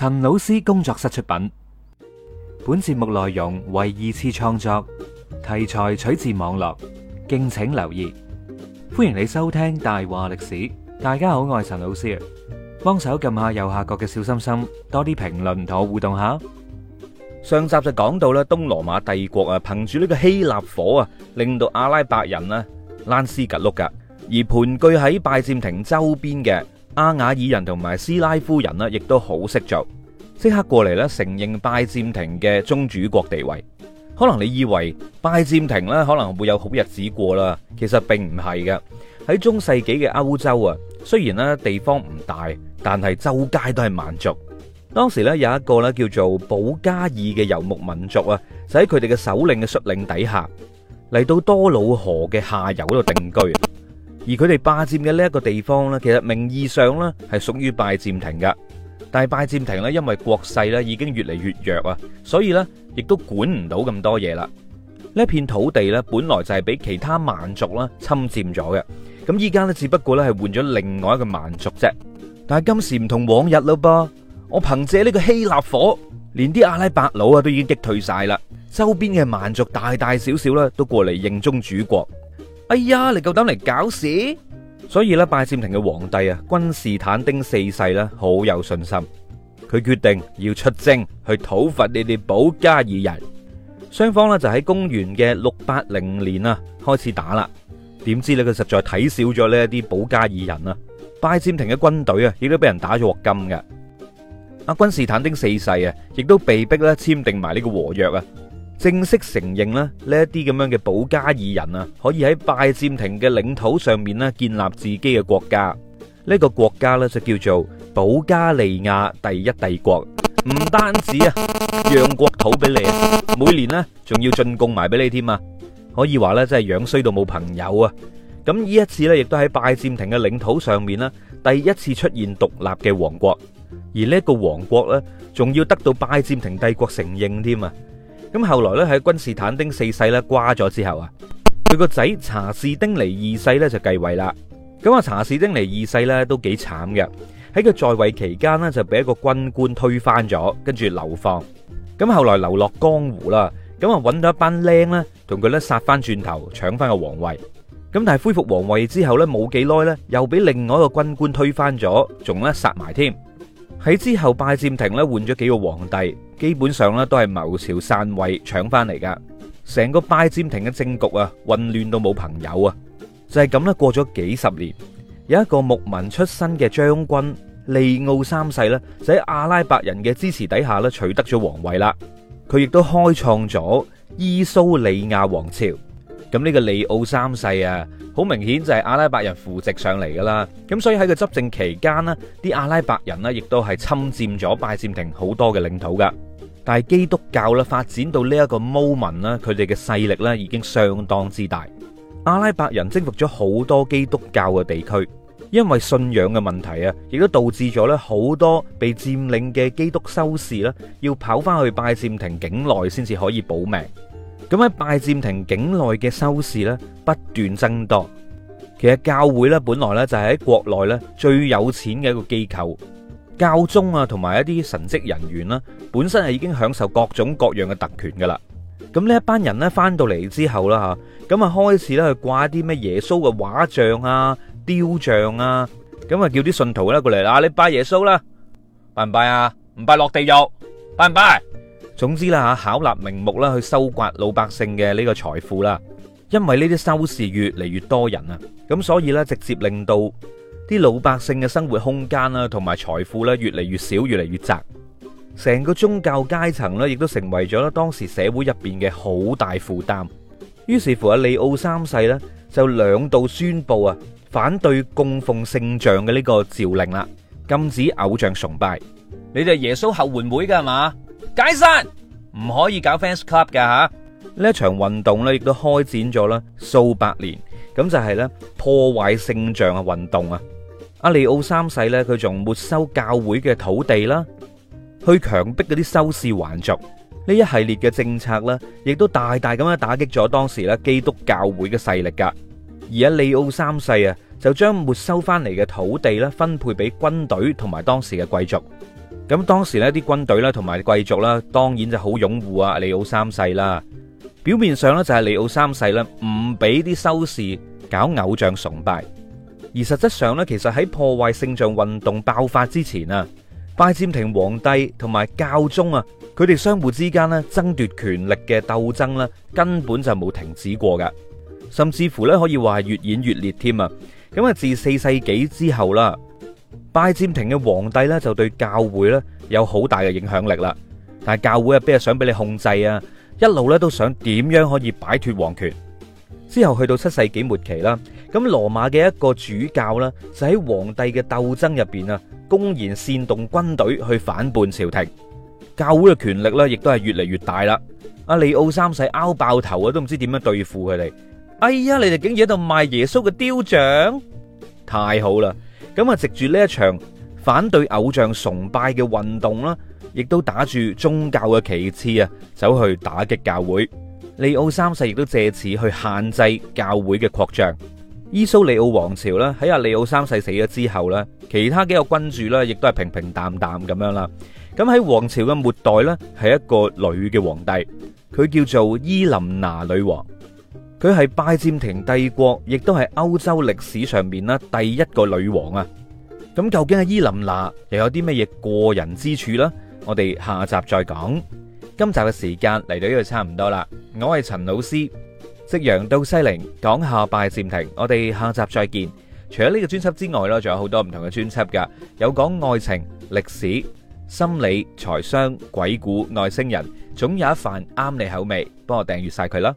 陳老師工作室出品，本節目內容為二次創作，題材取自網絡，敬請留意。歡迎你收聽大話歷史。大家好，我係陳老師，幫手撳下右下角嘅小心心，多啲評論同我互動下。上集就講到啦，東羅馬帝國啊，憑住呢個希臘火啊，令到阿拉伯人呢甩絲吉碌㗎，而盤踞喺拜占庭周邊嘅。阿瓦爾人同埋斯拉夫人咧，亦都好識做，即刻過嚟咧承認拜占庭嘅宗主國地位。可能你以為拜占庭咧可能會有好日子過啦，其實並唔係嘅。喺中世紀嘅歐洲啊，雖然咧地方唔大，但係周街都係蠻族。當時咧有一個咧叫做保加爾嘅游牧民族啊，就喺佢哋嘅首領嘅率領底下嚟到多瑙河嘅下游度定居。而佢哋霸占嘅呢一個地方呢，其實名義上呢係屬於拜占庭噶，但係拜占庭呢，因為國勢呢已經越嚟越弱啊，所以呢亦都管唔到咁多嘢啦。呢片土地呢，本來就係俾其他蠻族啦侵占咗嘅，咁依家呢，只不過呢係換咗另外一個蠻族啫。但係今時唔同往日咯噃，我憑借呢個希臘火，連啲阿拉伯佬啊都已經擊退晒啦，周邊嘅蠻族大大小小咧都過嚟認宗主國。哎呀，你夠膽嚟搞事！所以咧，拜占庭嘅皇帝啊，君士坦丁四世呢，好有信心，佢決定要出征去討伐你哋保加爾人。雙方呢，就喺公元嘅六八零年啊，開始打啦。點知呢，佢實在睇小咗呢一啲保加爾人啦，拜占庭嘅軍隊啊，亦都俾人打咗鑊金嘅。阿君士坦丁四世啊，亦都被逼咧簽訂埋呢個和約啊。正式承認呢，呢一啲咁樣嘅保加爾人啊，可以喺拜占庭嘅領土上面咧建立自己嘅國家。呢個國家呢，就叫做保加利亞第一帝國。唔單止啊，讓國土俾你，每年呢，仲要進貢埋俾你添啊。可以話呢，真係養衰到冇朋友啊。咁呢一次呢，亦都喺拜占庭嘅領土上面呢，第一次出現獨立嘅王國，而呢個王國呢，仲要得到拜占庭帝國承認添啊。咁後來咧喺君士坦丁四世咧瓜咗之後啊，佢個仔查士丁尼二世咧就繼位啦。咁啊查士丁尼二世咧都幾慘嘅，喺佢在位期間呢，就俾一個軍官推翻咗，跟住流放。咁後來流落江湖啦，咁啊揾到一班僆咧，同佢咧殺翻轉頭，搶翻個皇位。咁但係恢復皇位之後咧，冇幾耐咧，又俾另外一個軍官推翻咗，仲咧殺埋添。喺之後拜占庭咧換咗幾個皇帝。基本上咧都係謀朝篡位搶翻嚟噶，成個拜占庭嘅政局啊混亂到冇朋友啊，就係咁啦。過咗幾十年，有一個牧民出身嘅將軍利奧三世呢，就喺阿拉伯人嘅支持底下咧取得咗皇位啦。佢亦都開創咗伊蘇里亞王朝。咁呢個利奧三世啊，好明顯就係阿拉伯人扶植上嚟噶啦。咁所以喺佢執政期間呢，啲阿拉伯人呢，亦都係侵占咗拜占庭好多嘅領土噶。但係基督教咧發展到呢一個 moment 咧，佢哋嘅勢力咧已經相當之大。阿拉伯人征服咗好多基督教嘅地區，因為信仰嘅問題啊，亦都導致咗咧好多被佔領嘅基督修士咧要跑翻去拜占庭境內先至可以保命。咁喺拜占庭境內嘅修士咧不斷增多。其實教會咧本來咧就係喺國內咧最有錢嘅一個機構。教宗啊，同埋一啲神職人員啦，本身係已經享受各種各樣嘅特權噶啦。咁呢一班人咧翻到嚟之後啦吓，咁啊開始咧去掛一啲咩耶穌嘅畫像啊、雕像啊，咁啊叫啲信徒咧過嚟啦，你拜耶穌啦，拜唔拜啊？唔拜落地獄，拜唔拜？總之啦吓，巧立名目啦，去收刮老百姓嘅呢個財富啦。因為呢啲收視越嚟越多人啊，咁所以咧直接令到。啲老百姓嘅生活空間啊，同埋財富咧越嚟越少，越嚟越窄。成個宗教階層咧，亦都成為咗當時社會入邊嘅好大負擔。於是乎，阿利奧三世咧就兩度宣佈啊，反對供奉聖像嘅呢個詔令啦，禁止偶像崇拜。你哋耶穌後援會㗎嘛？解散，唔可以搞 fans club 嘅嚇。呢一場運動咧，亦都開展咗咧數百年。咁就係咧破壞聖像嘅運動啊！阿利奧三世咧，佢仲沒收教會嘅土地啦，去強迫嗰啲修士還俗。呢一系列嘅政策咧，亦都大大咁樣打擊咗當時咧基督教會嘅勢力噶。而阿利奧三世啊，就將沒收翻嚟嘅土地咧，分配俾軍隊同埋當時嘅貴族。咁當時呢啲軍隊啦同埋貴族啦，當然就好擁護阿利奧三世啦。表面上咧，就係利奧三世咧，唔俾啲修士搞偶像崇拜。而實質上咧，其實喺破壞聖像運動爆發之前啊，拜占庭皇帝同埋教宗啊，佢哋相互之間咧爭奪權力嘅鬥爭咧根本就冇停止過噶，甚至乎咧可以話係越演越烈添啊！咁啊，自四世紀之後啦，拜占庭嘅皇帝咧就對教會咧有好大嘅影響力啦，但係教會啊邊係想俾你控制啊，一路咧都想點樣可以擺脫皇權，之後去到七世紀末期啦。咁羅馬嘅一個主教呢，就喺皇帝嘅鬥爭入邊啊，公然煽動軍隊去反叛朝廷，教會嘅權力咧，亦都係越嚟越大啦。阿利奧三世拗爆頭啊，都唔知點樣對付佢哋。哎呀，你哋竟然喺度賣耶穌嘅雕像，太好啦！咁啊，藉住呢一場反對偶像崇拜嘅運動啦，亦都打住宗教嘅旗幟啊，走去打擊教會。利奧三世亦都借此去限制教會嘅擴張。伊蘇里奧王朝啦，喺阿里奧三世死咗之後啦，其他幾個君主啦，亦都係平平淡淡咁樣啦。咁喺王朝嘅末代咧，係一個女嘅皇帝，佢叫做伊琳娜女王。佢係拜占庭帝國，亦都係歐洲歷史上面啦，第一個女王啊。咁究竟係伊琳娜又有啲乜嘢過人之處呢？我哋下集再講。今集嘅時間嚟到呢度差唔多啦，我係陳老師。夕陽到西陵，講下拜占庭。我哋下集再見。除咗呢個專輯之外呢，仲有好多唔同嘅專輯㗎，有講愛情、歷史、心理、財商、鬼故、外星人，總有一番啱你口味。幫我訂閱晒佢啦！